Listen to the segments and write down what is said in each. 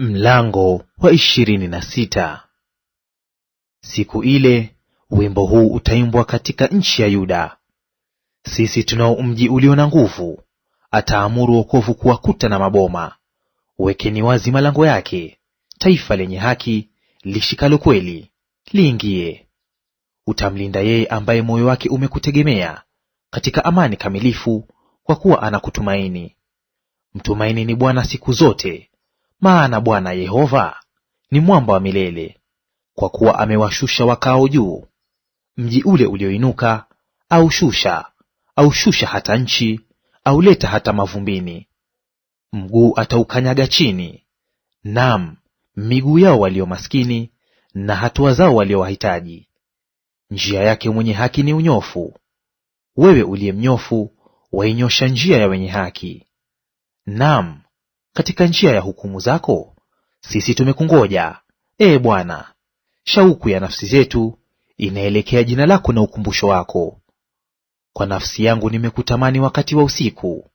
Mlango wa ishirini na sita. Siku ile wimbo huu utaimbwa katika nchi ya Yuda. Sisi tunao mji ulio na nguvu, ataamuru wokovu kuwakuta na maboma. Wekeni wazi malango yake, taifa lenye haki lishikalo kweli liingie. Utamlinda yeye ambaye moyo wake umekutegemea katika amani kamilifu, kwa kuwa anakutumaini. Mtumainini Bwana siku zote maana Bwana Yehova ni mwamba wa milele, kwa kuwa amewashusha wakao juu. Mji ule ulioinuka aushusha, aushusha hata nchi, auleta hata mavumbini. Mguu ataukanyaga chini, nam miguu yao walio maskini na hatua zao walio wahitaji. Njia yake mwenye haki ni unyofu; wewe uliye mnyofu wainyosha njia ya wenye haki. Naam, katika njia ya hukumu zako sisi tumekungoja, e Bwana. Shauku ya nafsi zetu inaelekea jina lako na ukumbusho wako. Kwa nafsi yangu nimekutamani wakati wa usiku,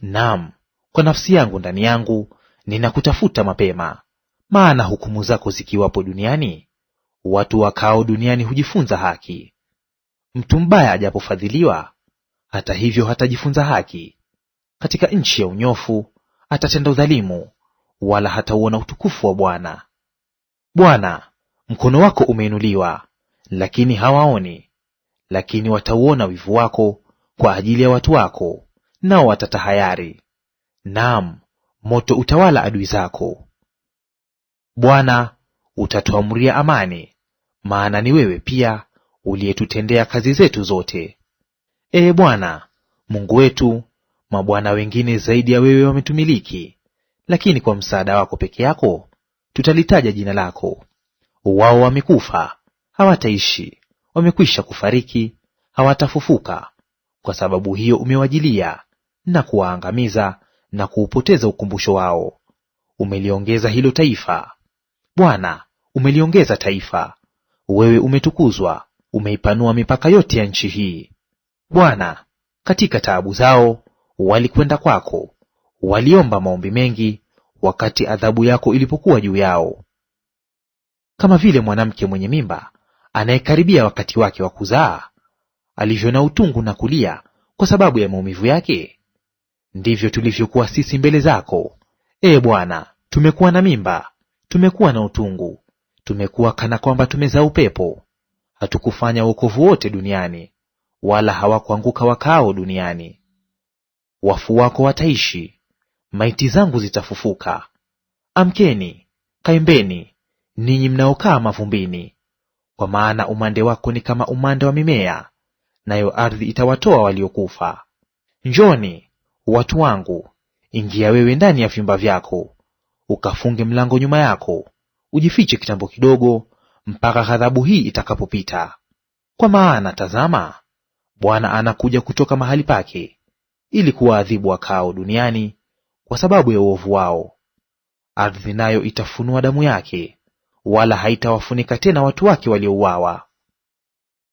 naam, kwa nafsi yangu ndani yangu ninakutafuta mapema. Maana hukumu zako zikiwapo duniani, watu wakao duniani hujifunza haki. Mtu mbaya ajapofadhiliwa, hata hivyo hatajifunza haki. Katika nchi ya unyofu atatenda udhalimu, wala hatauona utukufu wa Bwana. Bwana, mkono wako umeinuliwa, lakini hawaoni; lakini watauona wivu wako kwa ajili ya watu wako, nao watatahayari. Naam, moto utawala adui zako. Bwana, utatuamria amani, maana ni wewe pia uliyetutendea kazi zetu zote. Ee Bwana Mungu wetu, Mabwana wengine zaidi ya wewe wametumiliki, lakini kwa msaada wako peke yako tutalitaja jina lako. Wao wamekufa, hawataishi; wamekwisha kufariki, hawatafufuka. Kwa sababu hiyo umewajilia na kuwaangamiza na kuupoteza ukumbusho wao. Umeliongeza hilo taifa, Bwana, umeliongeza taifa; wewe umetukuzwa, umeipanua mipaka yote ya nchi hii. Bwana, katika taabu zao walikwenda kwako, waliomba maombi mengi, wakati adhabu yako ilipokuwa juu yao. Kama vile mwanamke mwenye mimba anayekaribia wakati wake wa kuzaa alivyo na utungu na kulia kwa sababu ya maumivu yake, ndivyo tulivyokuwa sisi mbele zako, Ee Bwana. Tumekuwa na mimba, tumekuwa na utungu, tumekuwa kana kwamba tumezaa upepo. Hatukufanya wokovu wote duniani, wala hawakuanguka wakao duniani. Wafu wako wataishi, maiti zangu zitafufuka. Amkeni, kaimbeni, ninyi mnaokaa mavumbini, kwa maana umande wako ni kama umande wa mimea, nayo ardhi itawatoa waliokufa. Njoni watu wangu, ingia wewe ndani ya vyumba vyako, ukafunge mlango nyuma yako, ujifiche kitambo kidogo, mpaka ghadhabu hii itakapopita. Kwa maana tazama, Bwana anakuja kutoka mahali pake ili kuwaadhibu wakao duniani kwa sababu ya uovu wao. Ardhi nayo itafunua damu yake, wala haitawafunika tena watu wake waliouawa.